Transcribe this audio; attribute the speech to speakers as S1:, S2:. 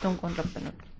S1: istung on lõppenud.